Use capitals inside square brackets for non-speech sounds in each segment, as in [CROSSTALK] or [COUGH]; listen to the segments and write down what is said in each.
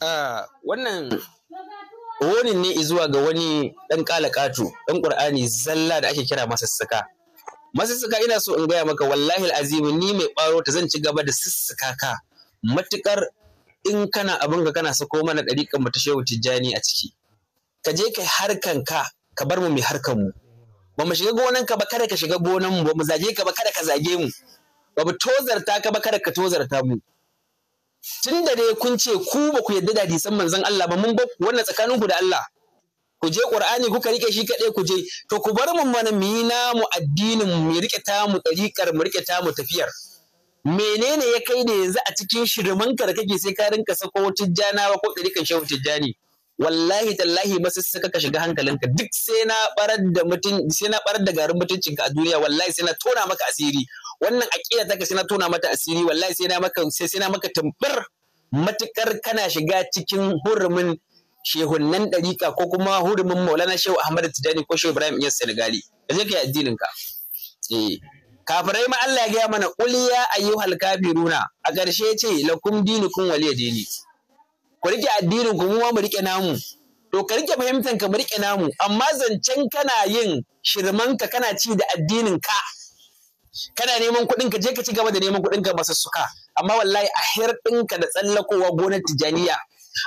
Ah, wannan wonin ne zuwa ga wani ɗan ƙalaƙatu, ɗan ƙur'ani zalla da ake kira masussuka masussuka ina so in gaya maka wallahi azimu ni mai ɓaro ta zan ci gaba da sussuka ka matuƙar in kana abin ka kana sako mana ɗariƙan mu ta shehu tijjani a ciki ka je kai harkan ka ka bar mu mai harkan mu ba mu shiga gonan ka ba kada ka shiga gonan mu ba mu zage ka ba kada ka zage mu ba mu tozarta ka ba kada ka tozarta mu tun da dai kun ce ku ba ku yarda da hadisan manzon Allah ba mun ba wannan tsakaninku da Allah ku je Qur'ani kuka rike shi kaɗai ku je to ku bar mun mana mu yi namu addinin mu rike ta mu ɗariƙar mu rike ta mu tafiyar menene ya kai da yanzu a cikin ka da kake sai ka rinka sako ba ko ɗariƙar shehu tijjani wallahi tallahi masu saka ka shiga hankalinka duk sai na barar da mutum sai na barar da garin mutuncinka a duniya wallahi sai na tona maka asiri wannan aƙida ta sai na tona mata asiri wallahi sai na maka sai sai na maka tambar matukar kana shiga cikin hurumin shehunnan ɗariƙa ko kuma hurumin maulana shehu ahmad tijani ko shehu ibrahim iyas senegali ka je ka yi addinin ka eh kafirai ma Allah ya gaya mana uliya ayyuhal kafiruna a ƙarshe ya ce lakum dinukum waliya dini ku rike addinin ku mu mu rike namu to ka rike fahimtan ka mu rike namu amma zancen kana yin shirman ka kana ci da addinin ka kana neman kuɗin ka je ka ci gaba da neman kuɗin ka suka. amma wallahi a ɗinka da tsallakowa gonar tijaniya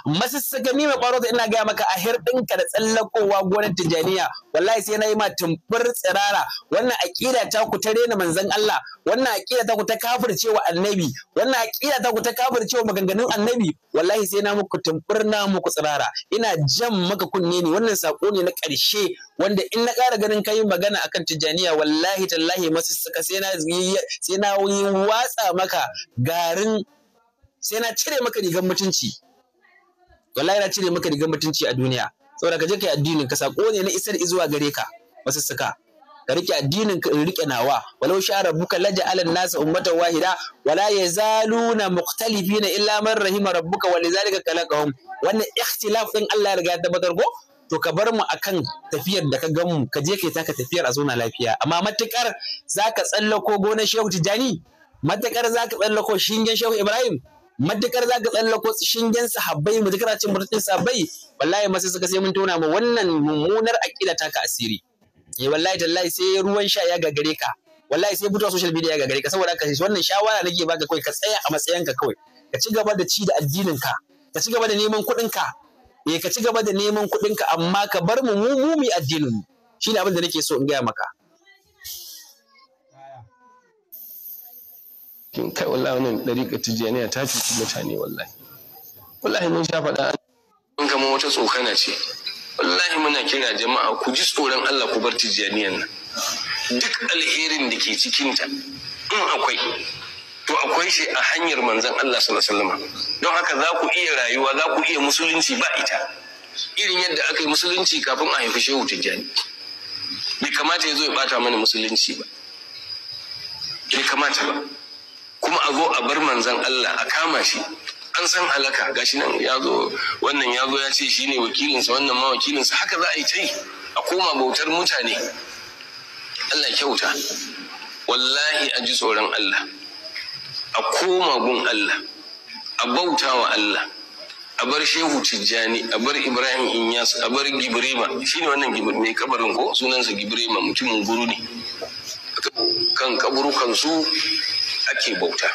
masassaka ni mai kwaro ina gaya maka a ɗinka da tsallakowa gonar tijaniya wallahi sai na yi ma tumfur tsirara wannan aƙida ta ku ta rena manzon Allah wannan aƙida ta ku ta kafircewa annabi wannan aƙida ta ku ta kafircewa maganganun annabi wallahi sai na muku tumfur na muku tsirara ina jan maka kunne ne wannan sako ne na ƙarshe wanda in na ƙara ganin kayi magana akan tijaniya wallahi tallahi masassaka sai na sai na yi watsa maka garin sai na cire maka rigar mutunci wallahi yana cire maka rigar mutunci a duniya saboda ka je kai addinin ka sako ne na isar zuwa gare ka masussuka ka rike addinin ka in rike nawa walau sha buka laja alan nasa ummatan wahida wala yazaluna mukhtalifina illa man rahima rabbuka wa lidhalika khalaqahum wannan ikhtilaf din Allah ya riga ya tabbatar ko to ka bar mu akan tafiyar da ka ga mu ka je kai taka tafiyar a zona lafiya amma matukar zaka tsallako gonar Shehu Tijani matakar za tsallako shingen shehu ibrahim matukar za ka tsallako shingen sahabbai matukar a cin mutuncin sahabbai wallahi ma suka sai mun tona ma wannan mummunar aƙida ta ka asiri eh wallahi tallahi sai ruwan sha ya gagare ka wallahi sai buta social media ya gagare ka saboda haka wannan shawara nake baka kawai ka tsaya a matsayinka kawai ka ci gaba da ci da addinin ka ka ci gaba da neman kuɗin ka eh ka ci gaba da neman kuɗin ka amma ka bar mu mu mu addinin mu shine abin da nake so in gaya maka kin kai wallahi wannan dariƙa tijjaniya ta cuci mutane wallahi wallahi mun sha faɗa an kama wata tsokana ce wallahi muna kira jama'a ku ji tsoron Allah ku bar tijjaniyan nan duk alherin da ke cikinta in akwai to akwai shi a hanyar manzon Allah sallallahu alaihi don haka za ku iya rayuwa za ku iya musulunci ba ita irin yadda aka yi musulunci kafin a haifi shehu tijjani bai kamata ya zo ya bata mana musulunci ba bai kamata ba kuma a zo a bar manzan Allah a kama shi an san alaka. gashi nan ya zo wannan ya zo ya ce shi ne wakilinsa wannan ma wakilinsa haka za a yi tai a koma bautar mutane Allah kyauta wallahi a ji tsoron Allah a koma gun Allah a bauta wa Allah a bar shehu tijjani a bar ibrahim inyas a bar gibrima ne wannan gibir mai kabarin ko sunansa gibrima mutumin guru ne kan kaburukansu. ake bauta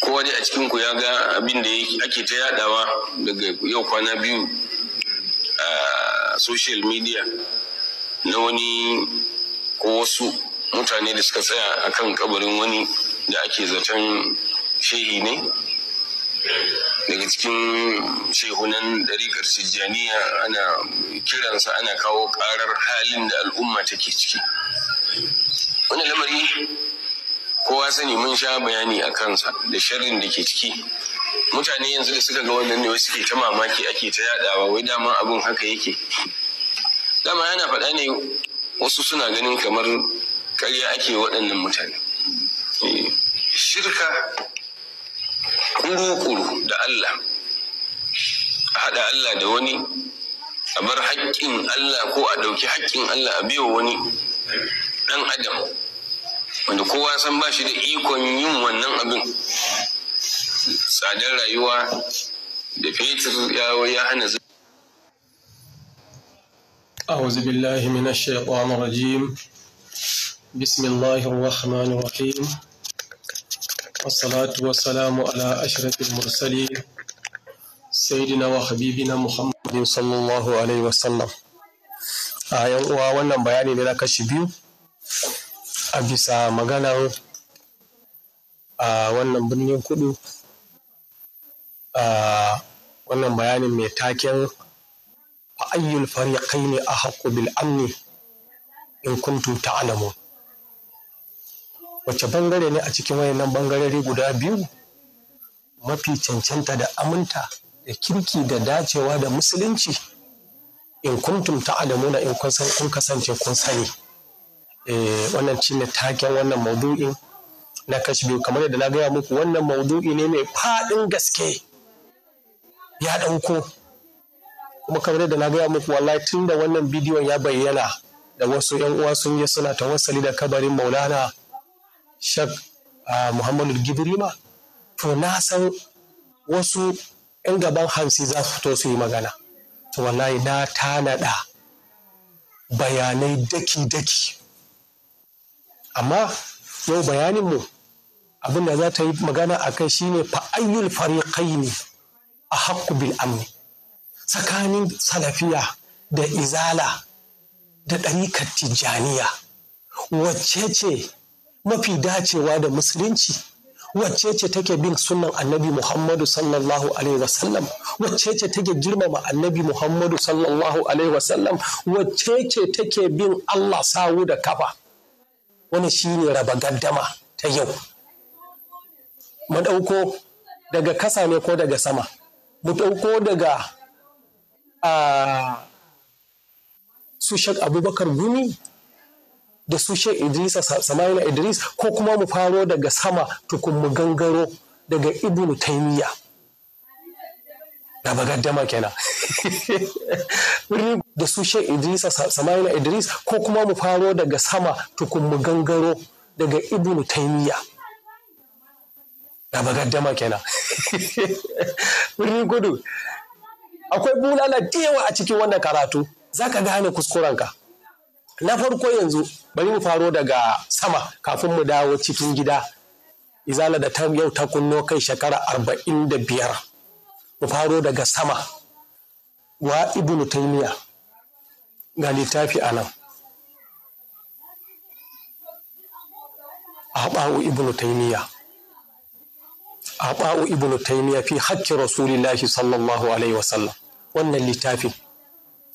ko dai a cikin ku ya ga abin da ake ta yadawa daga yau kwana biyu a social media na wani ko wasu mutane da suka tsaya a kan kabarin wani da ake zaton shehi ne daga cikin shehunan ɗarikar sijjaniya ana kiransa ana kawo ƙarar halin da al'umma take ciki wani lamari kowa sani mun sha bayani a kansa da sharrin da ke ciki mutane yanzu da suka ga wannan ne wai suke ta mamaki ake ta yadawa wai daman abun haka yake dama yana faɗa ne wasu suna ganin kamar karya ake waɗannan mutane eh, shirka kuru da Allah a haɗa Allah da wani a bar haƙƙin Allah ko a ɗauki haƙƙin Allah a biyo wani dan adam wanda kowa san ba shi da ikon yin wannan abin tsadar rayuwa da fetur ya hana zai أعوذ بالله من الشيطان الرجيم بسم الله الرحمن الرحيم والصلاة والسلام على أشرف المرسلين سيدنا وحبيبنا محمد صلى الله عليه وسلم a yan uwa wannan bayani na kashi biyu a bisa maganar a wannan birnin kudu a wannan bayanin mai taken a fa'ayyul ne a haƙo bil'amni in ta alamu wace bangare ne a cikin wayannan bangarori guda biyu mafi cancanta da aminta da kirki da dacewa da musulunci in kuntum ta'lamuna in kun kasance kun sani Eh, wannan shine taken wannan maudu'in na kashi biyu kamar yadda na gaya muku wannan maudu'i ne mai faɗin gaske ya ɗauko kuma kamar yadda na gaya muku wallahi tun da wannan bidiyon ya bayyana da wasu yan uwa sun yi suna tawassali da kabarin maulana shak ah, muhammadu gibrima to na san wasu yan gaban hamsi za su fito su yi magana to wallahi na tanada bayanai daki-daki amma yau bayaninmu abin da za ta yi magana a kai shine fa'ayyul ne a haƙƙu bil amni tsakanin salafiya da izala da ɗarikar tijjaniya wacce ce mafi dacewa da musulunci wacce ce take bin sunan annabi muhammadu sallallahu alaihi wasallam wacce ce take girmama annabi muhammadu sallallahu alaihi wasallam wacce ce take bin allah sawu da kafa wani shine raba gaddama ta yau mu ɗauko daga kasa ne ko daga sama mu ɗauko daga su shek abubakar gumi da su shek idrisa samaila idris ko kuma mu faro daga sama tukun mu gangaro daga ibnu taimiyya raba gaddama kenan birni da su idrisa sama'ila idris ko kuma mu faro daga sama tukun mu gangaro daga ibnu taimiyya raba gaddama kenan birni gudu akwai bulala da yawa a cikin wannan karatu zaka gane kuskurenka na farko yanzu bari mu faro daga sama kafin mu dawo cikin gida izala da ta yau ta kunno kai shekara arba'in da biyar mu faro daga sama wa ibnu taimiya ga littafi a nan aɓa'u ibnu taymiya aɓa'u ibnu taimiya fi haƙƙi rasulillahi sallallahu alaihi wasallam wannan littafin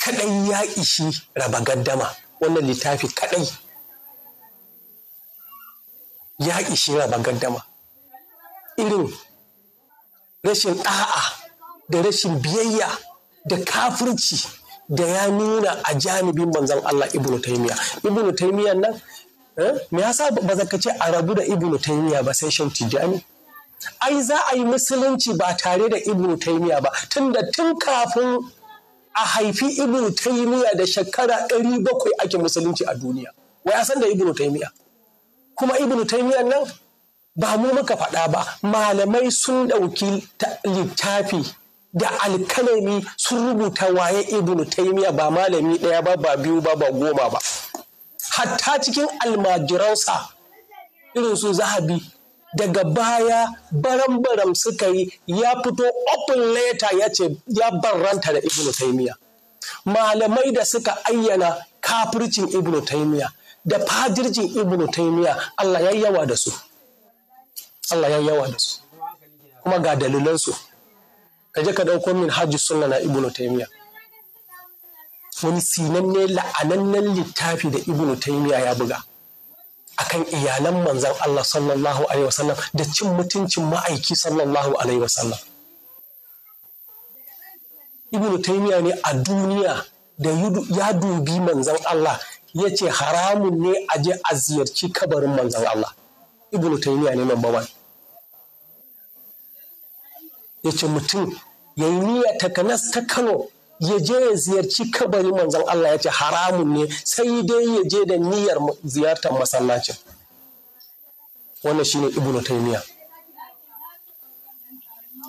kaɗai ya ishi raba gaddama wannan littafi kaɗai ya ishi raba gaddama irin rashin ɗa'a da rashin biyayya da kafirci da ya nuna a janibin manzon Allah ibnu taymiya ibnu taymiya nan eh, me yasa ba zaka ce a rabu da ibnu taymiya ba sai shan tijani ai za a yi musulunci ba tare da ibnu taymiya ba tunda tun kafin a haifi ibnu taymiya da shekara ɗari bakwai ake musulunci a duniya wai ya san da ibnu taymiya kuma ibnu taymiya nan ba mu muka faɗa ba malamai sun ɗauki littafi da alkalami sun rubuta waye ibn taimiya ba malami ɗaya ba ba biyu ba ba goma ba hatta cikin almajiransa irin su zahabi daga baya baram-baram suka yi ya fito open letter ya ce ya barranta da ibn taimiya malamai da suka ayyana kafircin ibn taimiya da fadirjin ibn taimiya Allah ya yawa da su Allah ya yawa da su kuma ga dalilansu ka je ka ɗauko min hajji sunna na ibnu taymiya wani sinanne la'anannen littafi da ibnu taymiya ya buga akan iyalan manzan Allah sallallahu alaihi wasallam da cin mutuncin ma'aiki sallallahu alaihi wasallam ibnu taymiya ne a duniya da ya dubi manzan Allah ya ce haramun ne a je a ziyarci kabarin manzan Allah ibnu taymiya ne number one ya ce mutum ya yi niyya takanas ta kano ya je ya ziyarci kabari manzon Allah ya ce haramun ne sai dai ya je da niyyar ziyartar masallacin wannan shine ibnu taymiya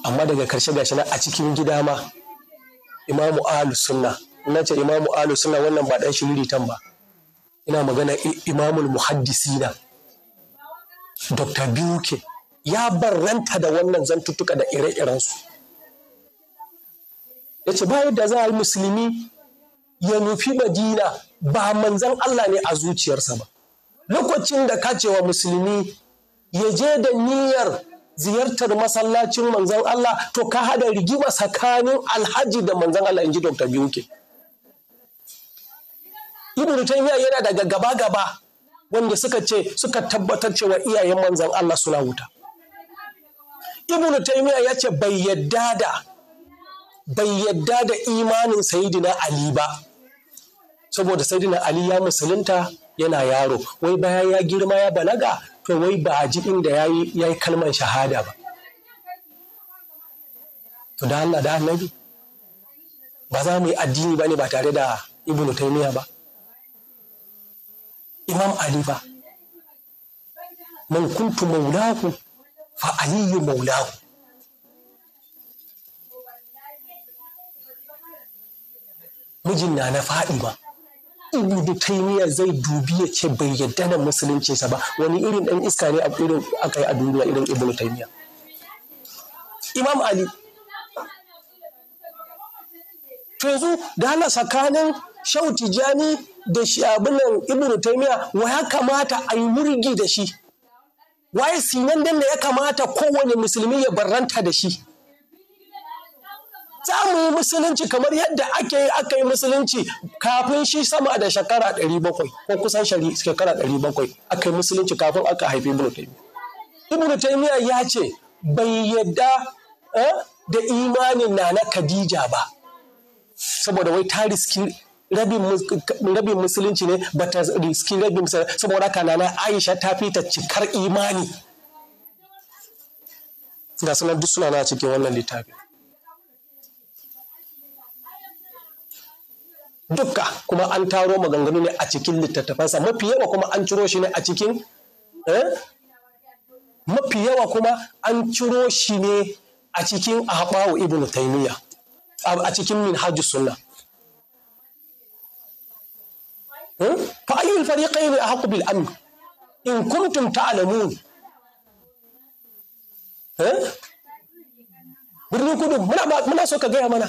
amma daga karshe gashi na a cikin gida ma imamu ahlus sunna na ce imamu ahlus sunna wannan ba dan tan ba ina magana imamul muhaddisina dr biuke ya barranta da wannan zantuttuka da ire-irensu ya ce bayan da za a yi musulmi ya nufi madina ba manzan Allah ne a zuciyarsa ba lokacin da ka cewa musulmi ya je da niyyar ziyartar masallacin manzan Allah to ka hada rigima tsakanin alhaji da manzan Allah inji Dr. Biyuke. Ibn Taymiyyah yana daga gaba-gaba wanda suka ce suka tabbatar cewa iyayen manzan Allah suna wuta. ibnu taimiyya ya ce bai yadda da bai yadda da imanin sayidina ali ba saboda sayidina ali ya musulunta yana yaro wai bayan ya girma ya balaga to wai ba a ji inda ya yi kalmar shahada ba to da Allah da annabi ba za mu yi addini ba ne ba tare da ibnu taimiyya ba imam ali ba mun kuntu fa aliyu maulahu mijin na na fadima ibnu taymiya zai dubi ya ce bai yadda na musulunci sa ba wani irin dan iska ne a irin a duniya irin taymiya imam ali to da hana tsakanin shautijani da shi abinan da taymiya wa ya kamata a yi murgi da shi waye sinan din da ya kamata kowane musulmi ya barranta da shi za mu yi musulunci kamar yadda ake yi aka yi musulunci kafin shi sama da shekara 700 ko kusan shekara 700 aka yi musulunci kafin aka haifi ibnu taymiya ibnu taymiya ya ce bai yadda eh, da imanin na na khadija ba saboda wai ta riski rabin musulunci ne ba ta riski rabin musulunci saboda haka nana aisha ta fita cikar imani ga sunan duk suna na cikin wannan littafin dukka kuma an taro maganganu ne a cikin littattafansa mafi yawa kuma an ciro shi ne a cikin eh? mafi yawa kuma an ciro shi ne a cikin ahbawu ibnu taymiya a cikin minhajus sunna فأي الفريقين أحق بالأمن إن كنتم in kuntum ta'lamun eh? birnin منا muna so ka gaya mana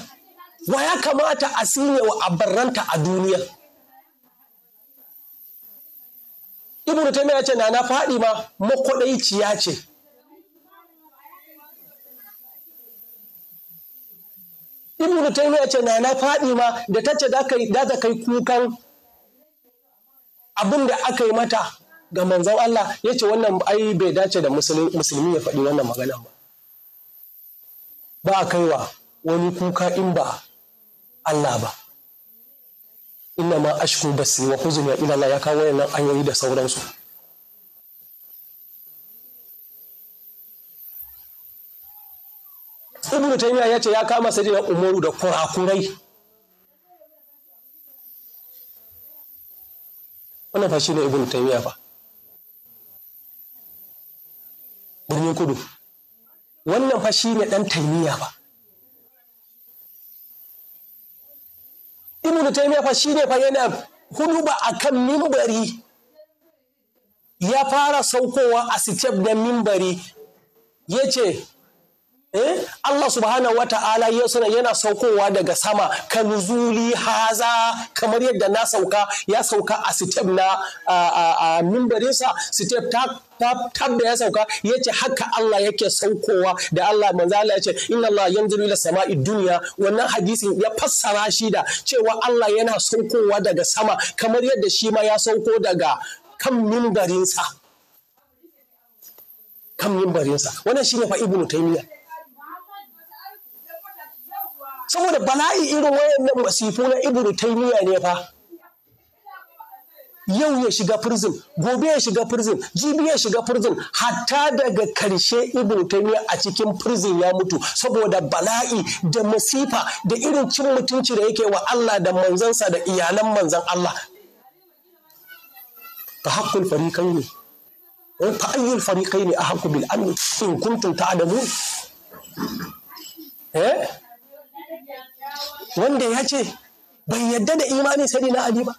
wa ya kamata a sine wa abarranta a duniya ibnu taymiya ce na na faɗi ma makwaɗaiciya ce ibnu taymiya ce na na faɗi ma da ta ce za kukan abin da aka yi mata ga manzon Allah ya ce wannan ai bai dace da musulmi ya faɗi wannan magana ba ba a kaiwa wani kuka in ba Allah ba inna ma ashku basri wa huzuni ya ilala ya kawo wannan ayoyi da sauransu Ibn Taymiyyah ya ce ya kama da Umaru da kurakurai wannan fa ne ibn taymiya fa birnin kudu wannan fa ne dan taymiya fa ibn taymiya fa shine fa yana hudu ba akan mimbari ya fara saukowa a sitef da mimbari ya ce Eh? Allah subhanahu wa ta'ala yana saukowa daga sama ka nuzuli haza kamar yadda na sauka ya sauka a step na a mimbarinsa step ta tab da ya sauka ya ce haka Allah yake saukowa da Allah manzo Allah ya ce inna Allah yanzuru ila sama'i duniya. wannan hadisin ya fassara shi da cewa Allah yana saukowa daga sama kamar yadda shi ma ya sauko daga kan mimbarinsa kan mimbarinsa wannan shine fa ibnu taymiyyah saboda bala'i irin wayannan masifu na ibnu taymiya ne fa yau ya shiga prison gobe ya shiga prison jibi ya shiga prison hatta daga karshe ibn taymiya a cikin prison ya mutu saboda bala'i da masifa da irin cin mutunci da yake wa Allah da manzansa da iyalan manzan Allah fa haqqul fariqain ne fa ayyul ne a bil amn in kuntum ta'lamun eh wanda ya ce bai yadda da imani sani na Ali ba.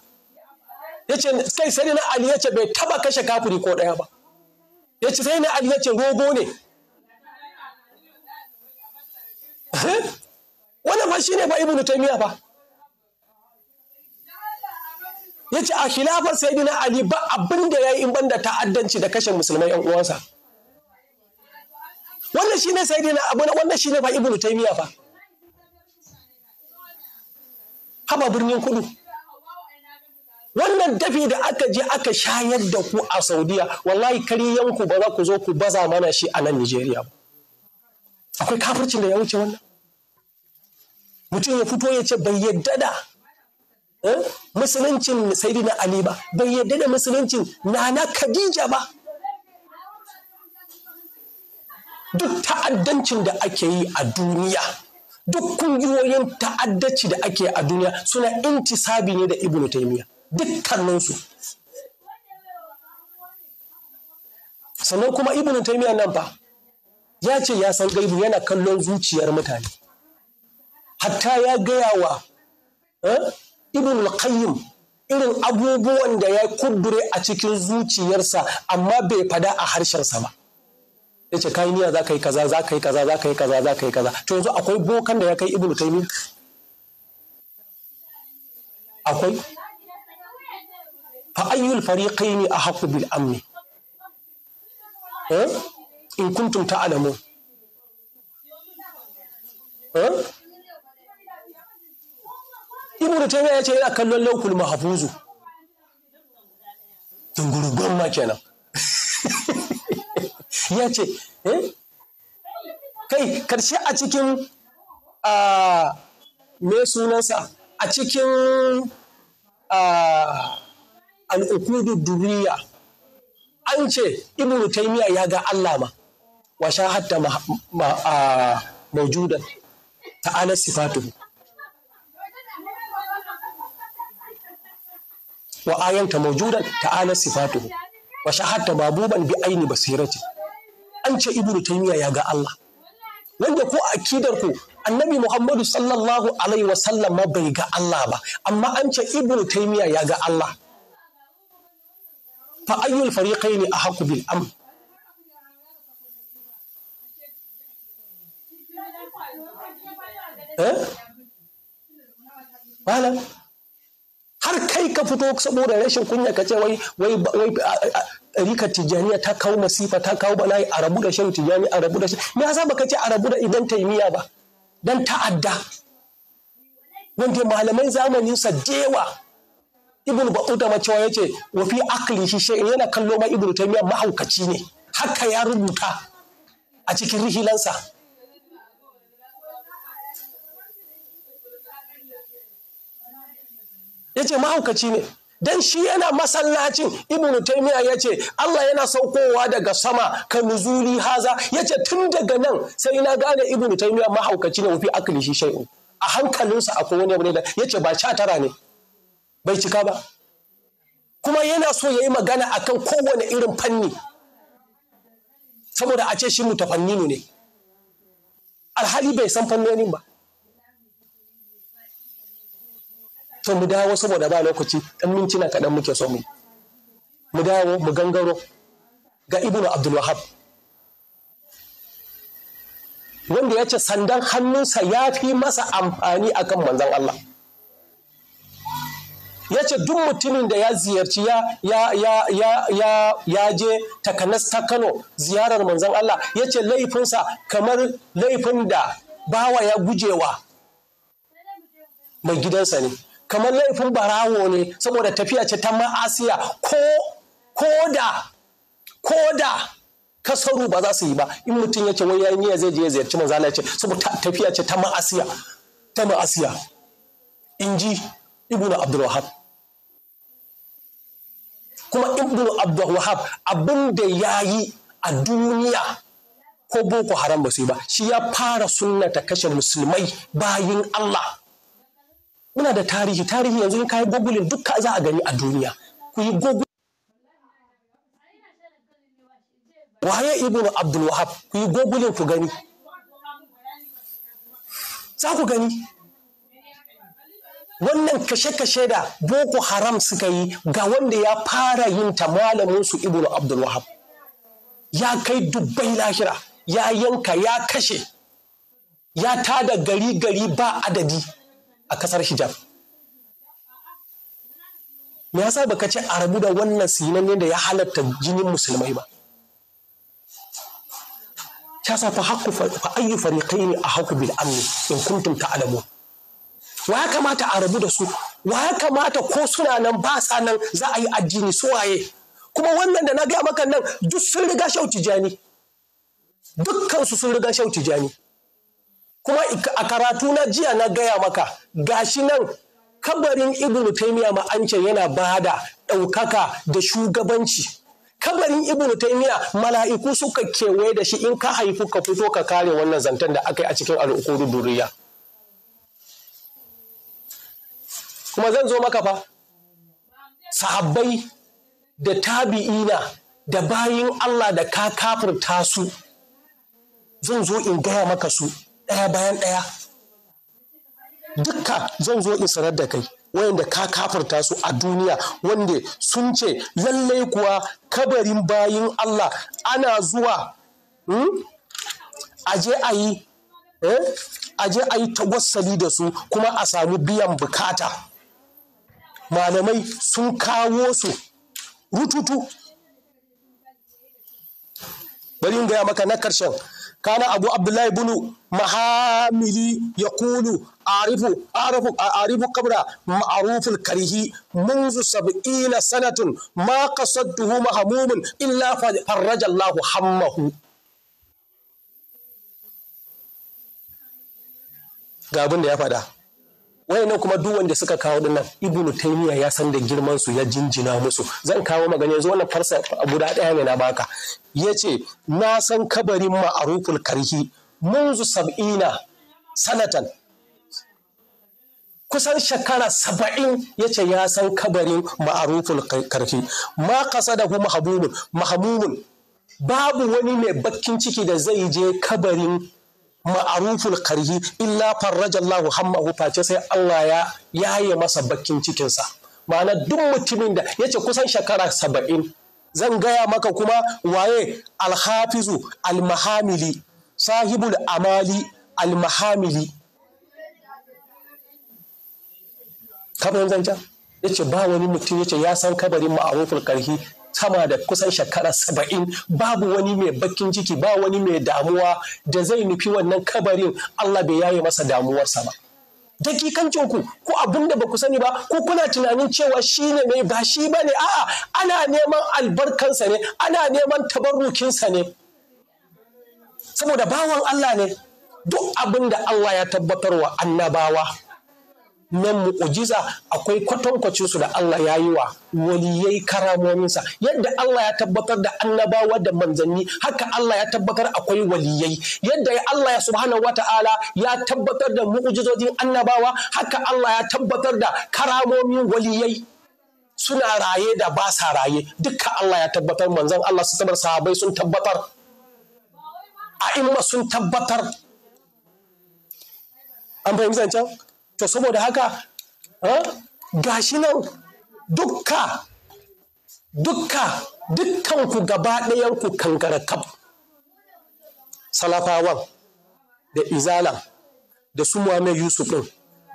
Ya ce sai sani na Ali ya ce bai taba kashe kafiri ko ɗaya ba. Ya ce sai na Ali ya ce rogo ne. [LAUGHS] Wannan ba shi ne ba ibu Taymiyyah ba. Ya ce a khilafar na Ali ba abin da ya yi in banda ta'addanci da kashe musulmai 'yan uwansa. Wannan shi ne na Abu wannan shi ne ba Ibn Taymiyyah ba. haba birnin kudu wannan dafi da aka je aka shayar da ku a saudiya wallahi kariyanku ba za ku zo ku baza mana shi a nan nigeria ba akwai kafircin da ya wuce wannan mutum ya fito ya ce bai yadda da eh, musuluncin sayidina ali ba bai yadda da musuluncin nana khadija ba duk ta'addancin da ake yi a duniya duk kungiyoyin ta'addaci da ake a duniya suna intisabi ne da ibnu taymiya dukkaninsu sannan kuma ibnu taymiya nan fa ya ce ya san gaibu yana kallon zuciyar mutane hatta ya gaya wa eh, ibn qayyim irin abubuwan da ya kubure a cikin zuciyarsa amma bai fada a harshensa ba ya ce kai niyya za ka yi kaza za ka yi kaza za ka yi kaza za ka yi kaza to yanzu akwai bokan da ya kai ibnu taymiya akwai fa ayyul fariqayn ahqqu bil amn eh in kuntum ta'lamu eh ibnu taymiya ya ce ina kallon lawkul mahfuzu dungurugon ma kenan ya ce eh, kai karshe a cikin me sunansa a cikin al'ukudu duniya an ce ibn taymiya ya ga Allah ma wa shahadta maujudan ta'ala sifatuhu wa ayanta maujudan ta'ala sifatuhu wa shahadta babuban bi aini basirati an ce ibnu taymiya ya ga Allah wanda ko a akidar ku annabi muhammadu sallallahu alaihi wasallam bai ga Allah ba amma an ce ibnu taymiya ya ga Allah fa ayyul fariqaini ahqqu bil amr eh har kai ka fito saboda rashin kunya ka ce wai wai wai rikar tijaniya ta kawo masifa ta kawo bala'i a rabu da shan tijani a rabu da shan me yasa baka ce a rabu da idan taimiya ba dan ta'adda wanda malamai zamanin sa dewa ibnu batuta ma cewa yace wa fi aqlihi shay'in yana kallo ma ibnu taymiya mahaukaci ne haka ya rubuta a cikin rihilansa ya ce mahaukaci ne dan shi yana masallacin ibnu taymiya ya ce Allah yana saukowa daga sama ka nuzuli haza ya ce tun daga nan sai na gane ibnu taymiya mahaukaci ne wafi akli shi shay'un a hankalinsa akwai wani abu da ya ce ba sha tara ne bai cika ba kuma yana so ya yi magana akan kowane irin fanni saboda a ce shi mutafanninu ne alhali bai san fannonin ba to mu dawo saboda ba lokaci dan mintuna kaɗan muke so mu mu dawo mu gangaro ga ibnu abdul wahab wanda ya ce sandan hannunsa ya fi masa amfani akan manzon Allah ya ce duk mutumin da ya ziyarci ya je takanas ta Kano ziyarar manzon Allah ya ce laifinsa kamar laifin da bawa ya gujewa mai gidansa ne kamar laifin barawo ne saboda tafiya ce ta ma'asiya ko koda koda kasaru ba za su yi ba in mutum yake wai yayin niyya zai je ya ziyarci manzo Allah ya ce saboda tafiya ce ta ma'asiya ta ma'asiya inji ibnu abdul kuma ibnu abdul abin da yayi a duniya ko boko haram ba su yi ba shi ya fara sunnata kashe musulmai bayin Allah muna da tarihi tarihi yanzu in kayi gogulin duka za a gani a duniya ku yi gogulin waye ibnu abdul wahab ku yi gogulin ku gani za ku gani wannan kashe-kashe da boko haram suka yi ga wanda ya fara yin ta malamin su ibnu abdul wahab ya kai dubbai lahira ya yanka ya kashe ya tada gari gari ba adadi a kasar hijab me yasa baka ce a rabu da wannan sinan da ya halatta jinin musulmai ba ta sa fa haqqu fa ayyu fariqayn ahqqu bil amn in kuntum ta'lamun wa ya kamata a rabu da su wa ya kamata ko suna nan ba sa nan za a yi addini su waye kuma wannan da na gaya maka nan duk sun riga shauti jani dukkan su sun riga shauti jani kuma a karatu na jiya na gaya maka ga shi nan kabarin ibnu taimiya ma yana bada ɗaukaka da shugabanci kabarin ibnu taimiya mala'iku suka kewaye da shi in ka haifu ka fito ka kare wannan zantan da aka yi a cikin al'ukuru duriya kuma zan zo maka fa sahabbai da tabi'ina da bayin Allah da ka kafurta su zan zo in gaya maka su ɗaya bayan ɗaya dukka zan zo in sanar da kai wayanda ka kafarta su a duniya wanda sun ce lallai kuwa kabarin bayin Allah ana zuwa hmm? aje a yi eh? aje a yi tawassali da su kuma a samu biyan bukata malamai sun kawo su rututu bari in gaya maka na karshen kana abu abdullahi bunu mahamili ya kulu arifu arifu arifu kabra ma'arufin karihi munzu sab'ina sanatun ma qasadduhu mahmumun illa farraja Allahu hammahu ga abin da ya faɗa nan kuma duk wanda suka kawo dinnan ibnu taymiya ya san da girman su ya jinjina musu zan kawo magana yanzu wannan farsa guda daya ne na baka yace na san kabarin ma'ruful karhi munzu sab'ina sanatan kusan shekara saba'in ya ce ya san kabarin ma'arufin karfi ma kasa da hu mahamumun babu wani mai bakin ciki da zai je kabarin Ma'arufin karhi illa farrajallahu hammahu face sai Allah ya yaye masa bakin cikinsa ma'ana duk mutumin da yace kusan shekara saba'in zan gaya maka kuma waye alhafizu almahamili sahibul amali almahamili kamar zan ja yace ba wani mutum yace ya san kabarin ma'arufin karhi sama da kusan shekara saba'in babu wani mai bakin ciki ba wani mai damuwa da zai nufi wannan kabarin Allah bai yaye masa damuwarsa ba dakikancin ku ko abin da ba ku sani ba ko kuna tunanin cewa shi ne mai ba shi ba ne a'a ana neman albarkansa ne ana neman tabarrukinsa ne saboda bawan Allah ne duk abin da Allah ya tabbatarwa annabawa nan mu'ujiza akwai kwatankwacinsu da Allah ya yi wa waliyai karamominsa yadda Allah ya tabbatar da annabawa da manzanni haka Allah ya tabbatar akwai waliyai yadda Allah ya subhanahu wata'ala ya tabbatar da mu'ujizojin annabawa haka Allah ya tabbatar da karamomin waliyai suna raye da ba sa raye dukkan Allah ya tabbatar manzan Allah su sabar sahabai sun tabbatar a'imma sun tabbatar an fahimci zancen to saboda haka gashi nan dukka dukka dukkanku gaba ku ɗayanku kam! salafawan da izala da su muhammad yusuf ɗin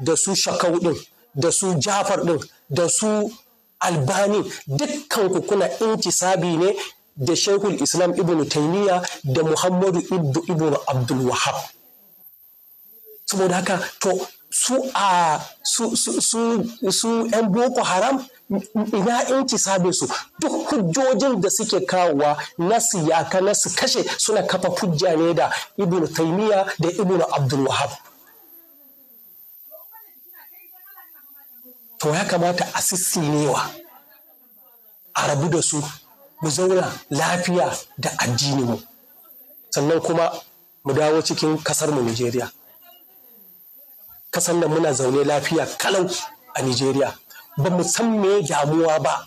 da su shakau ɗin da su jafar ɗin da su albani dukkanku kuna inci intisabi ne da shekul islam ibn taimiyya da muhammadu ibn abdul wahab saboda haka to su a su yan boko haram ina inci sabe su duk hujjojin da suke kawowa na siyaka na su kashe suna kafa hujja ne da ibnu taymiya da ibnu abdul wahab to ya kamata a sissinewa a rabu da su mu zauna lafiya da addini mu sannan kuma mu dawo cikin kasar mu nigeria kasan nan muna zaune lafiya kalau a Nijeriya, ba mu san me damuwa ba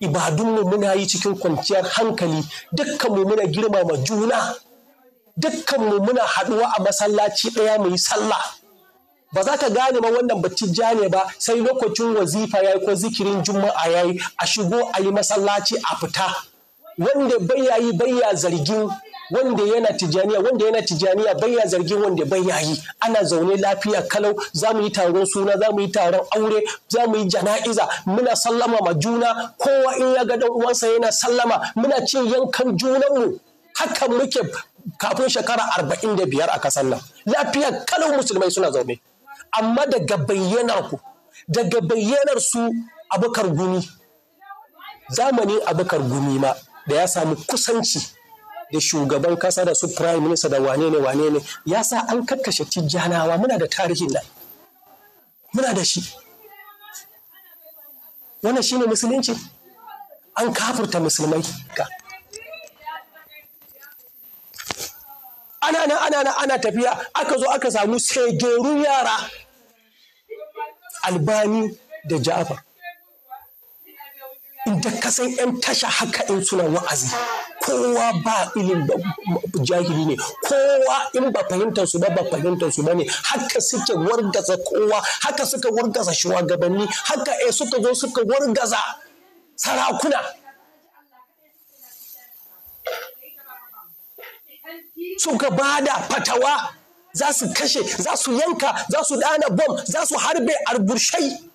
ibadunmu muna yi cikin kwanciyar hankali dukkanmu muna girmama juna dukkanmu muna haɗuwa a masallaci ɗaya mu yi sallah ba za ka gane ma wannan bacci jane ba sai lokacin wazifa ya yi, ko zikirin juma'a ya yi, a shigo a yi masallaci a fita wanda baya bai ya zargin wanda yana tijaniya wanda yana tijaniya baya zargin wanda baya yi ana zaune lafiya kalau za mu yi taron suna za mu yi taron aure za mu yi jana'iza muna sallama ma juna kowa in ya ga dan uwansa yana sallama muna cin yankan junan mu hakan muke kafin shekara arba'in da biyar a kasar nan lafiya kalau musulmai suna zaune amma daga bayyanar ku daga bayyanar su abukar gumi zamanin abukar gumi ma da ya samu kusanci da shugaban kasa da su prime minister da wane ne wane ne ya sa an kakkashe tijjanawa muna da tarihin nan muna da shi wannan shine musulunci an kafurta musulmai ka ana nan ana nan ana tafiya aka zo aka samu segerun yara albani da Ja'afar. da san 'yan tasha haka in suna wa'azi kowa ba ilin jahili ne kowa in ba fahimtar su ba ba fahimtar su bane haka suke wargaza kowa haka suka wargaza shugabanni haka eh suka zo suka wargaza sarakuna suka ba da fatawa za su kashe za su yanka za su dana bom za su harbe arbushai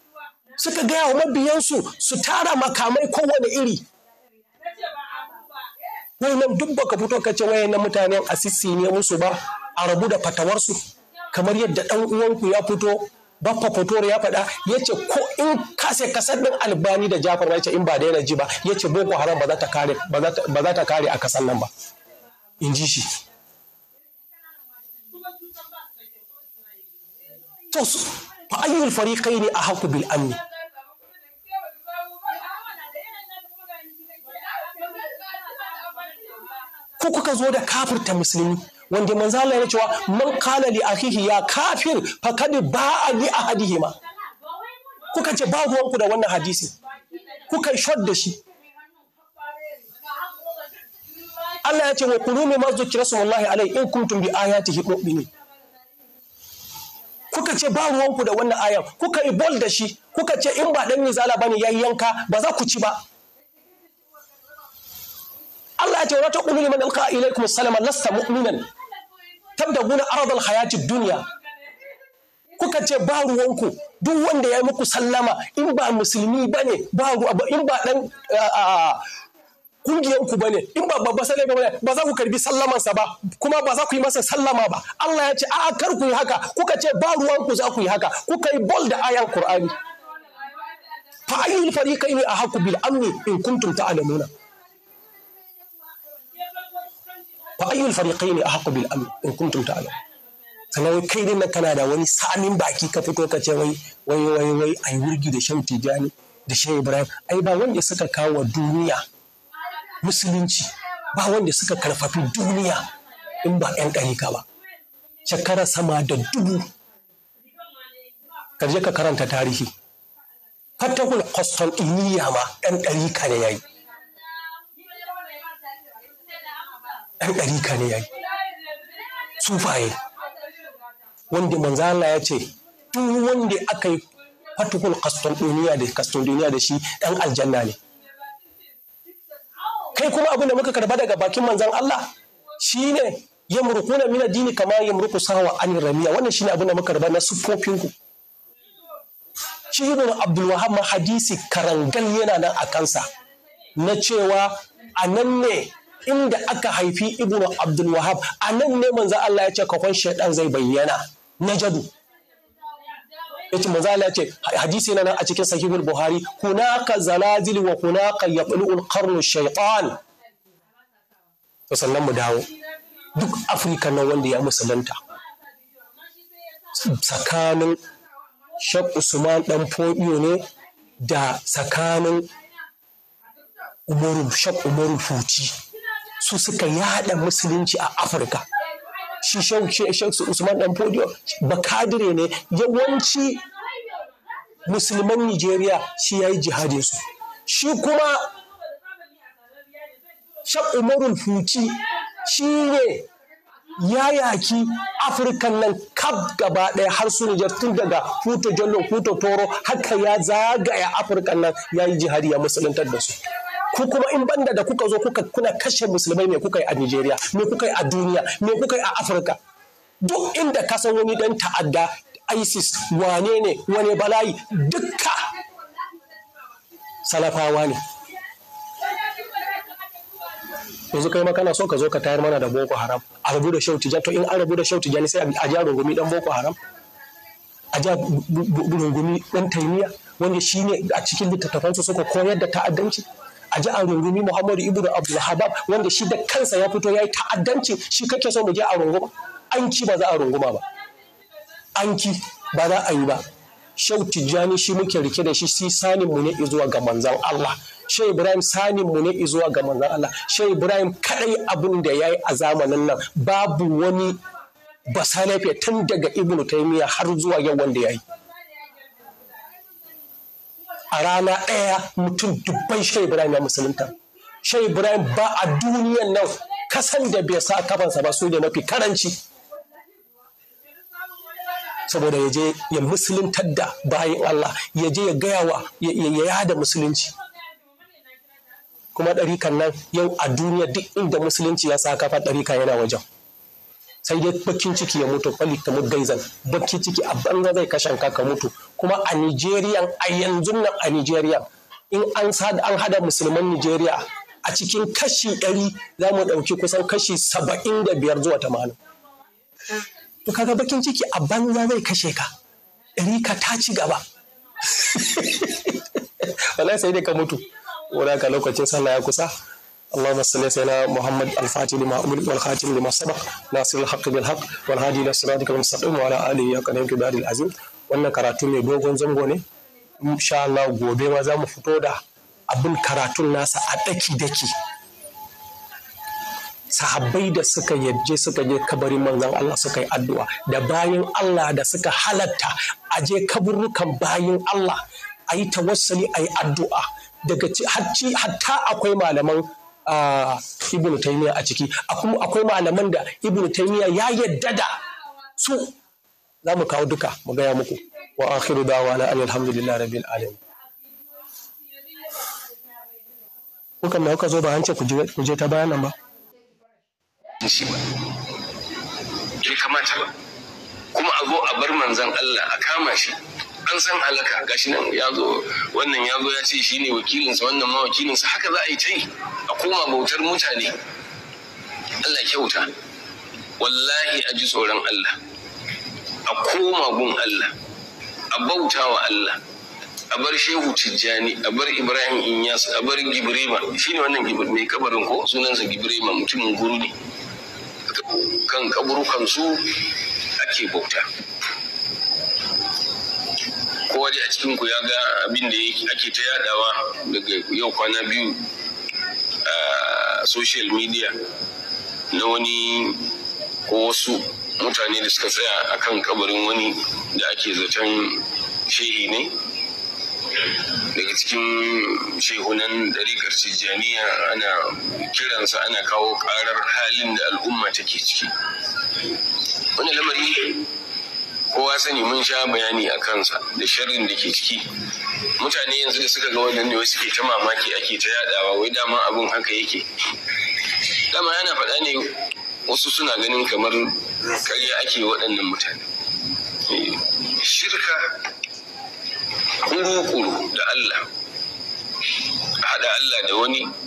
suka gaya wa mabiyansu su tara makamai kowane iri wannan duk baka fito ka ce wayannan mutanen asisi ne musu ba a rabu da fatawarsu kamar yadda ɗan uwanku ya fito baffa fotoro ya faɗa ya ce ko in kase kasar ɗin albani da jafar ya ce in ba daina ji ba ya ce boko haram ba za ta kare a kasar nan ba in ji shi to fa ayyul fariqaini ahqqu bil amni ko kuka zo da kafirta musulmi wanda manzo Allah ya cewa man qala li akhihi ya kafir faqad ba'a bi ahadihima kuka ce ba ku da wannan hadisi kuka shod da shi Allah ya ce wa kulumi mazdukira sallallahu alaihi in kuntum bi ayatihi mu'minin kuka ce ba ruwanku da wannan ayan kuka yi bol da shi kuka ce in ba dan nizala bane yayi yanka ba za ku ci ba Allah ya ce wa taqulu liman alqa ilaykum assalama lasta mu'minan tabdaguna aradal hayati duniya. kuka ce ba ruwanku duk wanda ya yi muku sallama in ba musulmi bane ba in ba dan kungiyar uku bane in ba babba sai ba ba za ku karbi sallamansa ba kuma ba za ku yi masa sallama ba Allah ya ce a'a kar ku yi haka kuka ce ba ruwan ku za ku yi haka kuka yi bol da ayan Qur'ani fa ayyul a haku bil amni in kuntum ta'lamuna fa ayyul a haku bil amni in kuntum ta'lamuna sannan kai din kana da wani samin baki ka fito ka ce wai wai wai wai ai wurgi da shan tijani da shan ibrahim ai ba wanda suka kawo duniya musulunci ba wanda suka karfafi duniya in ba 'yan ɗarika ba shekara sama da dubu karje ka karanta tarihi fatahul constantiniya ma 'yan ɗarika ne yayi ɗan ɗarika ne ya yi, sufaye wanda manzala ya ce duk wanda aka yi fatahul constantiniya da duniya da shi ɗan aljanna ne kai kuma abin da muka karba daga bakin manzan Allah shine yamrukuna min ad-dini kama yamruku sawa an ramiya wannan shine abin da muka karba na sufofin ku shi ibn Abdul ma hadisi karangal yana nan a kansa na cewa a ne inda aka haifi ibn Abdul a nan ne manzan Allah ya ce kakon shaidan zai bayyana na najadu yace manzo ce hadisi na nan a cikin sahihul buhari hunaka zalazil wa hunaka yaqlu'ul qarnu shaytan to sannan mu dawo duk afirka na wanda ya musulunta tsakanin shak usman dan fodiyo ne da tsakanin umaru shak umaru fuci su suka yada musulunci a afirka shi su usman dan fodiyo bakadire ne yawanci musulman nigeria shi ya yi jihadin su shi kuma shek umarul fuci shi ne ya yaki afirkan nan kaf gaba ɗaya har su nijar tun daga huto jallo huto toro haka ya zagaya afirkan nan ya yi jihadi ya musuluntar da su ku kuma in banda da kuka zo kuka kuna kashe musulmai me kuka yi a Nigeria me kuka yi a duniya me kuka yi a Afirka duk inda ka san wani dan ta'adda ISIS wane ne wane bala'i dukka salafawa ne yanzu kai ma kana so ka zo ka tayar mana da boko haram a rabu da shauti ja to in an rabu da shauti ja ne sai a ja rungumi dan boko haram a ja rungumi dan taimiya wanda shine a cikin littattafansu suka koyar da ta'addanci a ji a rungumi Muhammadu Ibnu Abdul wanda shi da kansa ya fito ya yi ta'addanci shi kake so mu je a runguma an ki ba za a runguma ba an ki ba za a yi ba Shau Tijjani shi muke rike da shi si sanin mu ne zuwa ga manzon Allah Shai Ibrahim sanin mu ne izuwa ga manzan Allah Shai Ibrahim kadai abin da yayi a zamanin nan babu wani basalafe tun daga Ibnu Taymiyyah har zuwa yau wanda yayi a rana ɗaya mutum dubban shai ibrahim ya musulunta shai ibrahim ba a duniyan nan kasan da bai sa kafansa ba su ne mafi karanci saboda ya je ya musuluntar da bayan Allah ya je ya gaya wa ya yada musulunci kuma ɗarikan nan yau a duniya duk inda musulunci ya sa kafa ɗarika yana wajen sai dai bakin ciki ya mutu fali kamar gaizan bakin ciki a banza zai kashanka ka mutu kuma a Nijeriya a yanzu nan a Nijeriya in an an hada musulman Nijeriya a cikin kashi ɗari za mu ɗauki kusan kashi saba'in da biyar zuwa tamanin. To kaga bakin ciki a banza zai kashe ka ɗari ka ta ci gaba. [LAUGHS] Wallahi sai dai ka mutu. ka lokacin sallah ya kusa. اللهم صل على محمد الفاتح لما أمر والخاتم لما سبق ناصر الحق بالحق والهادي الى صراطك المستقيم وعلى اله يا كريم كبار العزيز wannan karatu مي دوغون zango ne insha Allah gobe ma za mu fito da abin karatun nasa a daki-daki sahabbai da suka yarje suka je kabarin manzon Allah suka yi addu'a da bayin Allah da suka halatta a je kaburrukan bayin Allah a yi tawassali a yi addu'a daga hatta akwai malaman ibnu taymiya a ciki akwai malaman da ibn taymiya ya yadda da su za mu kawo duka mu gaya muku wa akhiru dawana alhamdulillah rabbil alamin kukan da kuka zo ba an ce ku je ta bayanan ba kamata ba kuma a zo a bar manzan Allah a kama shi an san ga gashi nan ya zo wannan ya zo ya ce shine wakilinsa wannan ma wakilinsa haka za a yi ta yi a koma bautar mutane Allah kyauta wallahi a ji tsoron Allah a koma gun Allah a bauta wa Allah a bar shehu tijjani a bar ibrahim inyas a bar gibrima shine wannan mai kabarin ko sunansa gibrima mutumin guru ne kan kaburukan su ake bauta cikin ku ya ga abin da ake ta yadawa daga yau kwana biyu a social media na wani ko wasu mutane da suka tsaya a kan kabarin wani da ake zaton shehi ne daga cikin shehunan dariƙar tijjaniya ana kiransa ana kawo ƙarar halin da al'umma take ciki wani lamari kowa sani mun sha bayani a kansa da sharrin da ke ciki mutane yanzu da suka ga wannan ne wasu ke ta mamaki ake ta yadawa wai dama abin haka yake dama yana faɗa ne wasu suna ganin kamar karya ake waɗannan mutane eh, shirka kuru da Allah haɗa Allah da wani